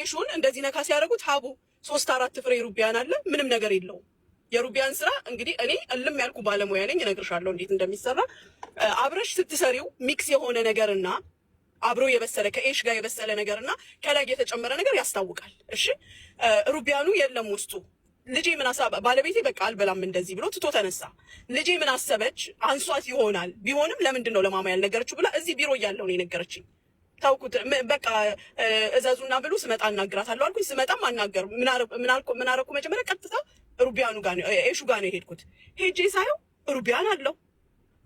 ኤሹን እንደዚህ ነካ ሲያደርጉት ሀቡ ሶስት አራት ፍሬ ሩቢያን አለ። ምንም ነገር የለውም። የሩቢያን ስራ እንግዲህ እኔ እልም ያልኩ ባለሙያ ነኝ፣ እነግርሻለሁ እንዴት እንደሚሰራ አብረሽ ስትሰሪው ሚክስ የሆነ ነገርና አብሮ የበሰለ ከኤሽ ጋር የበሰለ ነገርና ከላይ የተጨመረ ነገር ያስታውቃል። እሺ ሩቢያኑ የለም ውስጡ ልጄ ምን አሳብ ባለቤቴ በቃ አልበላም እንደዚህ ብሎ ትቶ ተነሳ። ልጄ ምን አሰበች አንሷት ይሆናል ቢሆንም ለምንድን ነው ለማማ ያልነገረችው ብላ እዚህ ቢሮ እያለው ነው የነገረችኝ። ታውቁት በቃ እዘዙና ብሎ ስመጣ አናግራታለሁ አልኩኝ። ስመጣም አናገሩ ምናረኩ መጀመሪያ ቀጥታ ሩቢያኑ ጋ ኤሹ ጋ ነው የሄድኩት። ሄጄ ሳየው ሩቢያን አለው።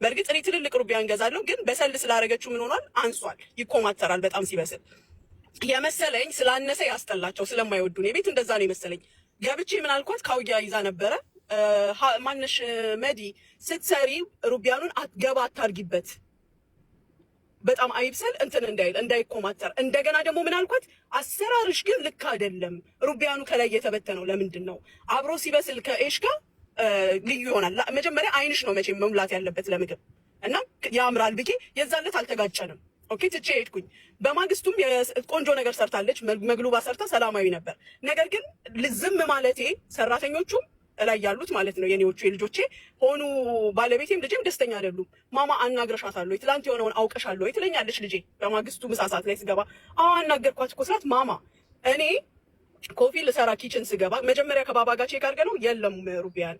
በእርግጥ እኔ ትልልቅ ሩቢያን ገዛለሁ፣ ግን በሰል ስላደረገችው ምን ሆኗል? አንሷል፣ ይኮማተራል በጣም ሲበስል የመሰለኝ ስላነሰ ያስጠላቸው ስለማይወዱ ነው። ቤት እንደዛ ነው የመሰለኝ። ገብቼ ምን አልኳት? ካውያ ይዛ ነበረ ማነሽ መዲ ስትሰሪ ሩቢያኑን አትገባ አታርጊበት በጣም አይብሰል እንትን እንዳይል እንዳይኮማተር። እንደገና ደግሞ ምን አልኳት፣ አሰራርሽ ግን ልክ አይደለም። ሩቢያኑ ከላይ የተበተነው ለምንድን ነው? አብሮ ሲበስል ከኤሽ ጋር ልዩ ይሆናል። መጀመሪያ አይንሽ ነው መቼ መሙላት ያለበት ለምግብ እና ያምራል ብዬ የዛለት አልተጋጨንም። ኦኬ ትቼ ሄድኩኝ። በማግስቱም ቆንጆ ነገር ሰርታለች። መግሉባ ሰርታ ሰላማዊ ነበር። ነገር ግን ልዝም ማለቴ ሰራተኞቹም እላይ ያሉት ማለት ነው የኔዎቹ የልጆቼ ሆኑ ባለቤቴም ልጄም ደስተኛ አይደሉም። ማማ አናግረሻታለሁ ወይ ትላንት የሆነውን አውቀሻለሁ ወይ ትለኛለች ልጄ በማግስቱ ምሳ ሰዓት ላይ ስገባ። አዎ አናገርኳት እኮ ስላት ማማ እኔ ኮፊ ልሰራ ኪችን ስገባ መጀመሪያ ከባባ ጋር ቼክ አድርገ ነው የለም ሩቢያን።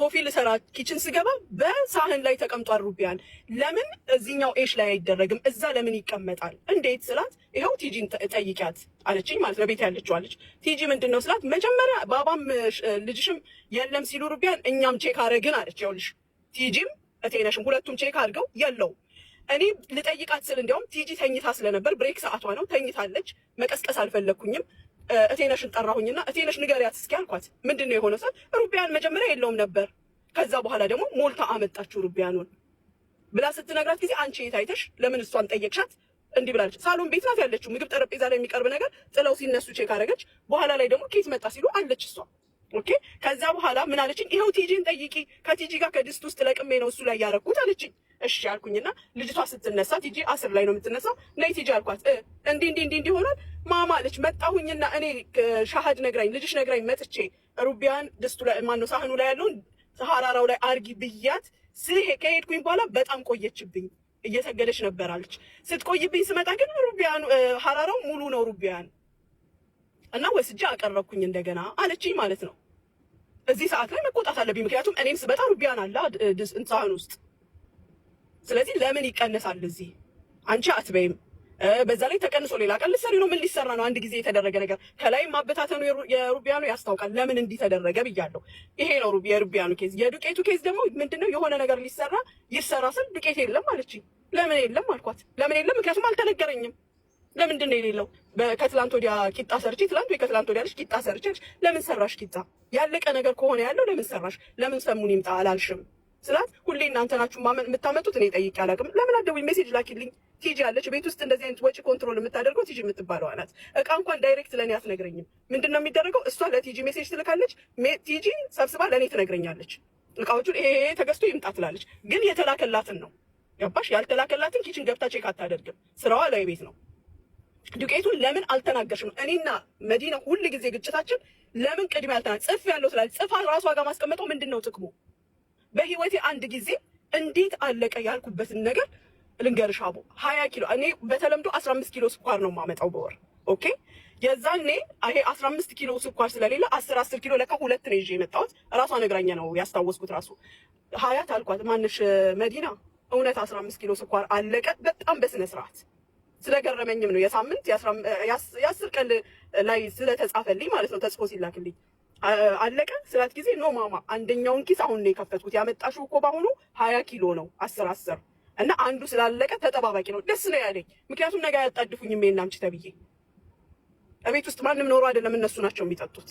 ኮፊ ልሰራ ኪችን ስገባ በሳህን ላይ ተቀምጧል ሩቢያን። ለምን እዚኛው ኤሽ ላይ አይደረግም? እዛ ለምን ይቀመጣል? እንዴት ስላት ይኸው ቲጂን ጠይቂያት አለችኝ ማለት ነው። ያለችው አለች። ቲጂ ምንድን ነው ስላት መጀመሪያ ባባም ልጅሽም የለም ሲሉ ሩቢያን እኛም ቼክ አረግን አለች። ይኸውልሽ ቲጂም እቴነሽም ሁለቱም ቼክ አድርገው የለው እኔ ልጠይቃት ስል እንዲያውም ቲጂ ተኝታ ስለነበር ብሬክ ሰዓቷ ነው ተኝታለች። መቀስቀስ አልፈለግኩኝም እቴነሽን ጠራሁኝና እቴነሽ ንገሪያት እስኪ አልኳት። ምንድን ነው የሆነ ሰት ሩቢያን መጀመሪያ የለውም ነበር። ከዛ በኋላ ደግሞ ሞልታ አመጣችው ሩቢያኑን ብላ ስትነግራት ጊዜ አንቺ የት አይተሽ ለምን እሷን ጠየቅሻት? እንዲህ ብላለች። ሳሎን ቤት ናት ያለችው። ምግብ ጠረጴዛ ላይ የሚቀርብ ነገር ጥለው ሲነሱ ቼክ አደረገች። በኋላ ላይ ደግሞ ኬት መጣ ሲሉ አለች እሷ ኦኬ። ከዛ በኋላ ምን አለችኝ? ይኸው ቲጂን ጠይቂ፣ ከቲጂ ጋር ከድስት ውስጥ ለቅሜ ነው እሱ ላይ ያረኩት አለችኝ። እሺ አልኩኝና ልጅቷ ስትነሳ ቲጂ አስር ላይ ነው የምትነሳው። ነይ ቲጂ አልኳት። እንዲ እንዲ እንዲ እንዲሆናል ማማ አለች። መጣሁኝና እኔ ሻሃድ ነግራኝ ልጅሽ ነግራኝ መጥቼ ሩቢያን ድስቱ ላይ ማነው ሳህኑ ላይ ያለውን ሀራራው ላይ አርጊ ብያት ስሄ ከሄድኩኝ በኋላ በጣም ቆየችብኝ። እየሰገደች ነበር አለች። ስትቆይብኝ ስመጣ ግን ሩቢያኑ ሀራራው ሙሉ ነው ሩቢያን እና ወስጃ አቀረብኩኝ እንደገና አለችኝ ማለት ነው። እዚህ ሰዓት ላይ መቆጣት አለብኝ። ምክንያቱም እኔም ስመጣ ሩቢያን አለ እንትን ሳህን ውስጥ ስለዚህ ለምን ይቀነሳል? እዚህ አንቺ አትበይም። በዛ ላይ ተቀንሶ ሌላ ቀን ልትሰሪ ነው። ምን ሊሰራ ነው? አንድ ጊዜ የተደረገ ነገር ከላይ ማበታተኑ የሩቢያኑ ያስታውቃል። ለምን እንዲህ ተደረገ ብያለሁ። ይሄ ነው የሩቢያኑ ኬዝ። የዱቄቱ ኬዝ ደግሞ ምንድነው? የሆነ ነገር ሊሰራ ይሰራ ስል ዱቄት የለም አለችኝ። ለምን የለም አልኳት። ለምን የለም? ምክንያቱም አልተነገረኝም። ለምንድን ነው የሌለው? ከትላንት ወዲያ ቂጣ ሰርቼ ትላንት ወይ ከትላንት ወዲያ ልጅ ቂጣ ሰርቼ፣ ለምን ሰራሽ ቂጣ? ያለቀ ነገር ከሆነ ያለው ለምን ሰራሽ? ለምን ሰሙን ይምጣ አላልሽም? ስላት ሁሌ እናንተ ናችሁ የምታመጡት፣ እኔ ጠይቄ አላውቅም። ለምን አትደውይም? ሜሴጅ ላኪልኝ። ቲጂ አለች ቤት ውስጥ እንደዚህ አይነት ወጪ ኮንትሮል የምታደርገው ቲጂ የምትባለው አላት። እቃ እንኳን ዳይሬክት ለእኔ አትነግረኝም። ምንድን ነው የሚደረገው? እሷ ለቲጂ ሜሴጅ ትልካለች። ቲጂ ሰብስባ ለእኔ ትነግረኛለች። እቃዎቹን ይሄ ተገዝቶ ይምጣ ትላለች። ግን የተላከላትን ነው ገባሽ? ያልተላከላትን ኪችን ገብታ ቼክ አታደርግም። ስራዋ ላይ ቤት ነው። ዱቄቱን ለምን አልተናገርሽም? እኔና መዲና ሁል ጊዜ ግጭታችን ለምን ቅድሚያ አልተናገር ጽፍ ያለው ስላለች ጽፋ ራሷ ጋር ማስቀመጠው ምንድን ነው ጥቅሙ? በህይወቴ አንድ ጊዜ እንዴት አለቀ ያልኩበትን ነገር ልንገርሽ አቦ ሀያ ኪሎ እኔ በተለምዶ አስራ አምስት ኪሎ ስኳር ነው የማመጣው በወር ኦኬ የዛኔ ይሄ አስራ አምስት ኪሎ ስኳር ስለሌለ አስር አስር ኪሎ ለካ ሁለት ነው ይዤ የመጣሁት ራሷ ነግራኛ ነው ያስታወስኩት ራሱ ሀያት አልኳት ማንሽ መዲና እውነት አስራ አምስት ኪሎ ስኳር አለቀ በጣም በስነ ስርዓት ስለገረመኝም ነው የሳምንት የአስር ቀን ላይ ስለተጻፈልኝ ማለት ነው ተጽፎ ሲላክልኝ አለቀ ስላት ጊዜ ኖ ማማ አንደኛውን ኪስ አሁን ነው የከፈትኩት። ያመጣሽው እኮ በአሁኑ ሀያ ኪሎ ነው አስር አስር እና አንዱ ስላለቀ ተጠባባቂ ነው። ደስ ነው ያለኝ ምክንያቱም ነገ ያጣድፉኝ ሜና አምጪ ተብዬ እቤት ውስጥ ማንም ኖሮ አይደለም እነሱ ናቸው የሚጠጡት።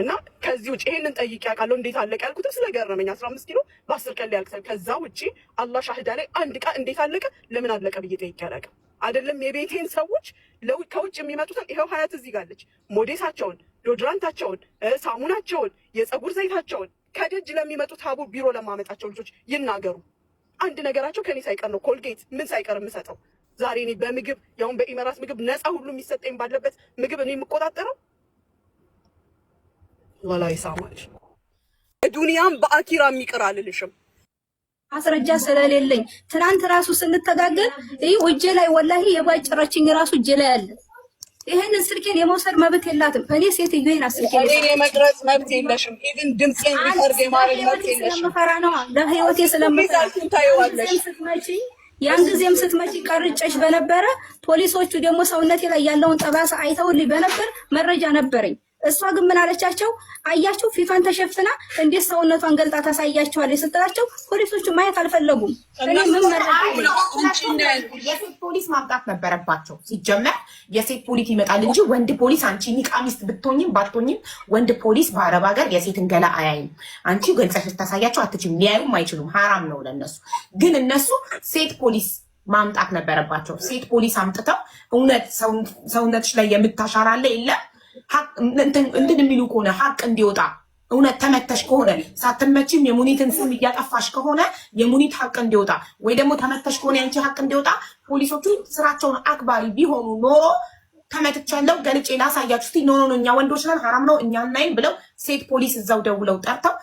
እና ከዚህ ውጭ ይሄንን ጠይቄ አውቃለሁ። እንዴት አለቀ ያልኩትም ስለገረመኝ አስራ አምስት ኪሎ በአስር ቀን ሊያልቅ ከዛ ውጭ አላህ ሻህዳ ላይ አንድ ቃ እንዴት አለቀ ለምን አለቀ ብዬ ጠይቄ አላውቅም። አይደለም የቤቴን ሰዎች ከውጭ የሚመጡትን ይኸው ሀያት እዚህ ጋለች ሞዴሳቸውን ዶድራንታቸውን፣ ሳሙናቸውን፣ የፀጉር ዘይታቸውን ከደጅ ለሚመጡት ታቡ ቢሮ ለማመጣቸው ልጆች ይናገሩ። አንድ ነገራቸው ከኔ ሳይቀር ነው ኮልጌት ምን ሳይቀር የምሰጠው። ዛሬ እኔ በምግብ ያሁን በኢመራት ምግብ ነፃ ሁሉ የሚሰጠኝ ባለበት ምግብ እኔ የምቆጣጠረው ወላይ ሳማች ዱኒያም በአኪራ የሚቀር አልልሽም። ማስረጃ ስለሌለኝ ትናንት ራሱ ስንተጋገል እጄ ላይ ወላሂ የባጭራችኝ ራሱ እጄ ላይ አለ። ይህንን ስልኬን የመውሰድ መብት የላትም። እኔ ሴትዮና ስልኬን የመቅረጽ መብት የለሽም። ኢቭን ድምፄን ሪከርድ የማድረግ መብት የለሽም። ስለምፈራ ነዋ፣ ለህይወቴ ስለምፈራ ስትመጪ ያን ጊዜም ስትመጪ ቀርጨሽ በነበረ ፖሊሶቹ ደግሞ ሰውነቴ ላይ ያለውን ጠባሳ አይተውልኝ በነበር መረጃ ነበረኝ። እሷ ግን ምን አለቻቸው? አያችሁ ፊቷን ተሸፍና እንዴት ሰውነቷን ገልጣ ታሳያቸዋለች ስትላቸው ፖሊሶቹ ማየት አልፈለጉም። የሴት ፖሊስ ማምጣት ነበረባቸው። ሲጀመር የሴት ፖሊስ ይመጣል እንጂ ወንድ ፖሊስ አንቺ ኒቃሚስት ብትሆኝም ባትሆኝም ወንድ ፖሊስ በአረብ ሀገር የሴትን ገላ አያይም። አንቺ ገልጸሽ ልታሳያቸው አትችም። ሊያዩም አይችሉም። ሀራም ነው ለነሱ። ግን እነሱ ሴት ፖሊስ ማምጣት ነበረባቸው። ሴት ፖሊስ አምጥተው እውነት ሰውነትሽ ላይ የምታሻራለ የለም እንትን የሚሉ ከሆነ ሀቅ እንዲወጣ እውነት ተመተሽ ከሆነ ሳትመችም የሙኒትን ስም እያጠፋሽ ከሆነ የሙኒት ሀቅ እንዲወጣ ወይ ደግሞ ተመተሽ ከሆነ ያንቺ ሀቅ እንዲወጣ ፖሊሶቹ ስራቸውን አክባሪ ቢሆኑ ኖሮ ተመትቻለሁ ገልጬ ላሳያችሁ እስኪ ኖ ኖ እኛ ወንዶች ነን ሀራም ነው እኛ እናይም ብለው ሴት ፖሊስ እዛው ደውለው ጠርተው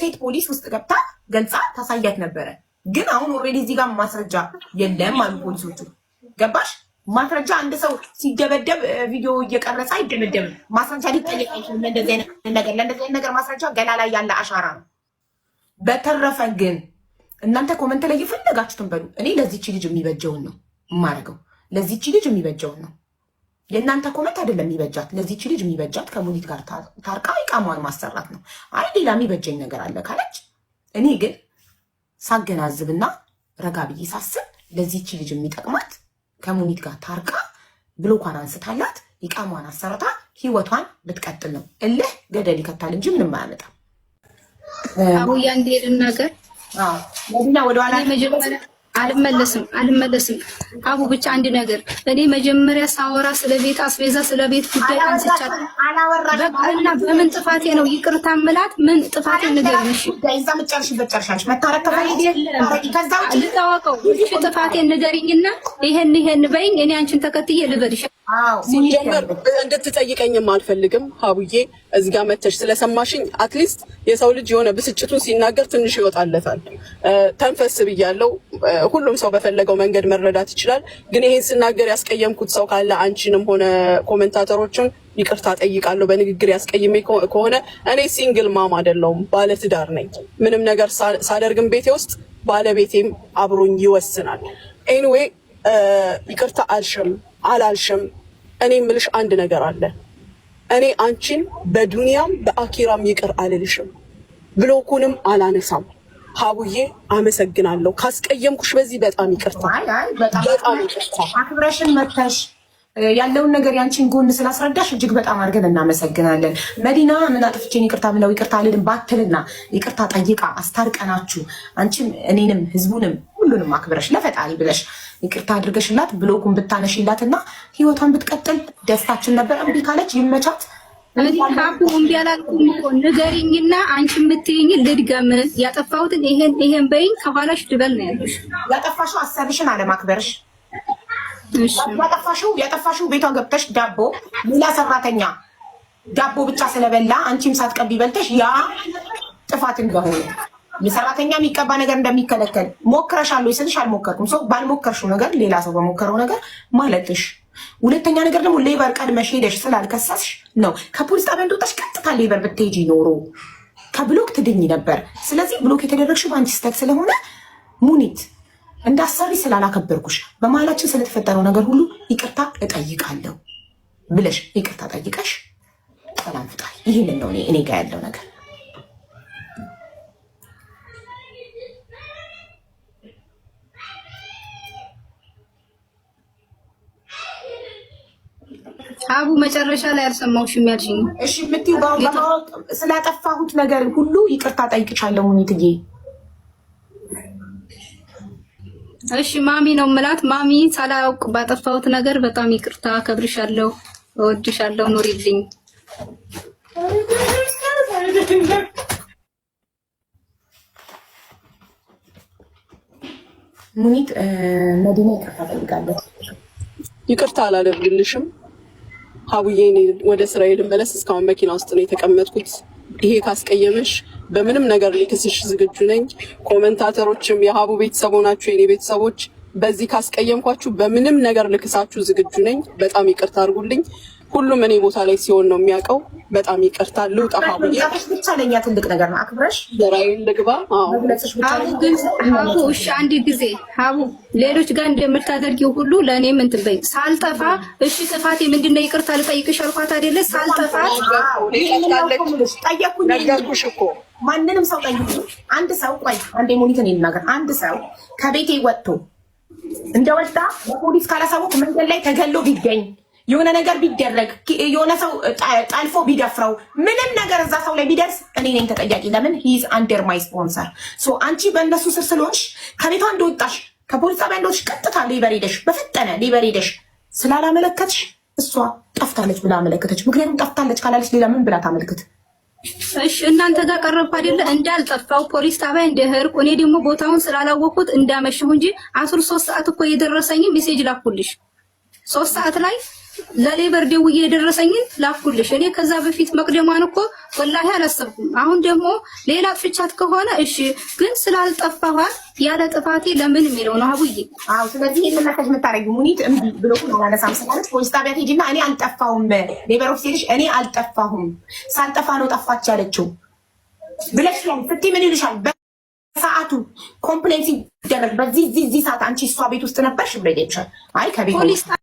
ሴት ፖሊስ ውስጥ ገብታ ገልጻ ታሳያት ነበረ። ግን አሁን ኦልሬዲ እዚህ ጋር ማስረጃ የለም አሉ ፖሊሶቹ። ገባሽ? ማስረጃ አንድ ሰው ሲደበደብ ቪዲዮ እየቀረጸ አይደመደብም። ማስረጃ ሊጠየቅ ለእንደዚህ አይነት ነገር ለእንደዚህ አይነት ነገር ማስረጃ ገላ ላይ ያለ አሻራ ነው። በተረፈ ግን እናንተ ኮመንት ላይ የፈለጋችሁትን በሉ። እኔ ለዚች ልጅ የሚበጀውን ነው የማደርገው። ለዚች ልጅ የሚበጀውን ነው። የእናንተ ኮመንት አይደለም የሚበጃት። ለዚች ልጅ የሚበጃት ከሙኒት ጋር ታርቃ ይቃሟን ማሰራት ነው። አይ ሌላ የሚበጀኝ ነገር አለ ካለች እኔ ግን ሳገናዝብና ረጋ ብዬ ሳስብ ለዚች ልጅ የሚጠቅማት ከሙኒት ጋር ታርቃ ብሎኳን አንስታላት ይቃሟን አሰርታ ህይወቷን ልትቀጥል ነው። እልህ ገደል ይከታል እንጂ ምንም አያመጣም። አቡያ እንዴት ነገር መዲና ወደኋላ አልመለስም አልመለስም። አቡ ብቻ አንድ ነገር እኔ መጀመሪያ ሳወራ ስለ ቤት አስቤዛ ስለ ቤት ጉዳይ አንስቻለሁ። በምን ጥፋቴ ነው ይቅርታ ምላት? ምን ጥፋቴ ነገር ንገሪኝ። እሺ ልታወቀው ጥፋቴ ንገሪኝና ይሄን ይሄን በይኝ። እኔ አንቺን ተከትዬ ልበልሽ ሲጀመር እንድትጠይቀኝም አልፈልግም። ሀቡዬ እዚህ ጋር መተሽ ስለሰማሽኝ፣ አትሊስት የሰው ልጅ የሆነ ብስጭቱን ሲናገር ትንሽ ይወጣለታል። ተንፈስ ብያለው። ሁሉም ሰው በፈለገው መንገድ መረዳት ይችላል። ግን ይሄን ስናገር ያስቀየምኩት ሰው ካለ አንቺንም ሆነ ኮመንታተሮችን ይቅርታ ጠይቃለሁ። በንግግር ያስቀይሜ ከሆነ እኔ ሲንግል ማም አይደለሁም፣ ባለትዳር ነኝ። ምንም ነገር ሳደርግም ቤቴ ውስጥ ባለቤቴም አብሮኝ ይወስናል። ኤኒዌይ ይቅርታ አልሽም አላልሽም እኔ ምልሽ አንድ ነገር አለ። እኔ አንቺን በዱንያም በአኪራም ይቅር አልልሽም፣ ብሎኩንም አላነሳም። ሀቡዬ አመሰግናለሁ። ካስቀየምኩሽ በዚህ በጣም ይቅርታ፣ በጣም አክብረሽን መተሽ ያለውን ነገር ያንቺን ጎን ስላስረዳሽ እጅግ በጣም አድርገን እናመሰግናለን። መዲና ምን አጥፍቼን ይቅርታ ምለው ይቅርታ አልልም ባትልና ይቅርታ ጠይቃ አስታርቀናችሁ አንቺም እኔንም ህዝቡንም ሁሉንም አክብረሽ ለፈጣሪ ብለሽ ይቅርታ አድርገሽላት ብሎጉን ብታነሽላት ብታነሽላትና ህይወቷን ብትቀጥል ደስታችን ነበር። እምቢ ካለች ይመቻት። ካቡ እምቢ አላልኩም እኮ ንገሪኝና፣ አንቺ የምትይኝ ልድገም። ያጠፋሁትን ይሄን ይሄን በይኝ፣ ከኋላሽ ድበል ነው ያለሽ። ያጠፋሽው አሰብሽን አለማክበርሽ፣ ያጠፋሽው ያጠፋሽው ቤቷ ገብተሽ ዳቦ ሌላ ሰራተኛ ዳቦ ብቻ ስለበላ አንቺም ሳትቀቢ በልተሽ ያ ጥፋት እንደሆነ ሰራተኛ የሚቀባ ነገር እንደሚከለከል ሞክረሻለሁ ስልሽ አልሞከርኩም። ሰው ባልሞከርሽው ነገር ሌላ ሰው በሞከረው ነገር ማለትሽ። ሁለተኛ ነገር ደግሞ ሌበር ቀድመሽ ሄደሽ ስላልከሰስሽ ነው። ከፖሊስ ጣቢያ እንደወጣሽ ቀጥታ ሌበር ብትሄጂ ኖሮ ከብሎክ ትድኝ ነበር። ስለዚህ ብሎክ የተደረግሽው በአንቺ ስተት ስለሆነ ሙኒት እንዳሰሪ ስላላከበርኩሽ በመሀላችን ስለተፈጠረው ነገር ሁሉ ይቅርታ እጠይቃለሁ ብለሽ ይቅርታ ጠይቀሽ ሰላም ይህንን ነው እኔ ጋ ያለው ነገር። አቡ መጨረሻ ላይ አልሰማሁሽም ያልሽኝ። እሺ የምትይው በአሁን በማወቅ ስላጠፋሁት ነገር ሁሉ ይቅርታ ጠይቅሻለሁ ሁኔትዬ። እሺ ማሚ ነው ምላት። ማሚ ሳላውቅ ባጠፋሁት ነገር በጣም ይቅርታ። አከብርሻለሁ፣ እወድሻለሁ፣ ኑሪልኝ። ሙኒት መዲና ይቅርታ ጠይቃለሁ። ይቅርታ አላደርግልሽም ሀውዬ ወደ ስራ ልመለስ፣ እስካሁን መኪና ውስጥ ነው የተቀመጥኩት። ይሄ ካስቀየመሽ በምንም ነገር ሊክስሽ ዝግጁ ነኝ። ኮመንታተሮችም የሀቡ ቤተሰቦ ናቸው የኔ ቤተሰቦች በዚህ ካስቀየምኳችሁ በምንም ነገር ልክሳችሁ ዝግጁ ነኝ። በጣም ይቅርታ አድርጉልኝ። ሁሉም እኔ ቦታ ላይ ሲሆን ነው የሚያውቀው። በጣም ይቅርታ። ልውጣ ብቻ ትልቅ ነገር ነው። አክብረሽ ዘራዬን ልግባ። ግን ሀቡ እሺ፣ አንድ ጊዜ ሀቡ ሌሎች ጋር እንደምታደርጊው ሁሉ ለእኔም እንትን በይ። ሳልጠፋ እሺ፣ ጥፋቴ ምንድን ነው? ይቅርታ ልጠይቅሽ አልኳት አይደለ? ሳልጠፋ ጠየኩኝ። ነገርኩሽ እኮ ማንንም ሰው ጠይቁ። አንድ ሰው ቆይ፣ አንዴ ሙኒትን ይናገር። አንድ ሰው ከቤቴ ወጥቶ እንደወጣ በፖሊስ ካላሳወቅ መንገድ ላይ ተገሎ ቢገኝ የሆነ ነገር ቢደረግ የሆነ ሰው ጠልፎ ቢደፍረው ምንም ነገር እዛ ሰው ላይ ቢደርስ እኔ ነኝ ተጠያቂ። ለምን ሂዝ አንደር ማይ ስፖንሰር። አንቺ በእነሱ ስር ስለሆንሽ ከቤቷ እንደወጣሽ ከፖሊስ ጣቢያ እንደወጣሽ ቀጥታ ሌበር ሄደሽ በፈጠነ ሌበር ሄደሽ ስላላመለከትሽ እሷ ጠፍታለች ብላ አመለከተች። ምክንያቱም ጠፍታለች ካላለች ሌላ ምን ብላ ታመልክት? እሺ እናንተ ጋር ቀረብኩ አይደለ? እንዳልጠፋው ፖሊስ ጣቢያ እንደሄድኩ እኔ ደግሞ ቦታውን ስላላወቅኩት እንዳመሸሁ እንጂ አስር ሶስት ሰዓት እኮ የደረሰኝ ሜሴጅ ላኩልሽ ሶስት ሰዓት ላይ ለሌበር ደውዬ የደረሰኝን ላኩልሽ። እኔ ከዛ በፊት መቅደማን እኮ ወላሂ አላሰብኩም። አሁን ደግሞ ሌላ ፍቻት ከሆነ እሺ፣ ግን ስላልጠፋኋት ያለ ጥፋቴ ለምን የሚለው ነው አቡዬ። አዎ፣ ስለዚህ የለናከሽ የምታረጊው ሙኒት እምቢ ብሎ አላነሳም ስላለች ፖሊስ ጣቢያ ትሄጂና እኔ አልጠፋሁም ሌበር ኦፊስ ሄድሽ እኔ አልጠፋሁም ሳልጠፋ ነው ጠፋች ያለችው ብለሽ ፍቲ ምን ይልሻል? በሰዓቱ ኮምፕሌንት ይደረግ በዚህ ዚህ ሰዓት አንቺ እሷ ቤት ውስጥ ነበርሽ ብለ ይልሻል። አይ ከቤት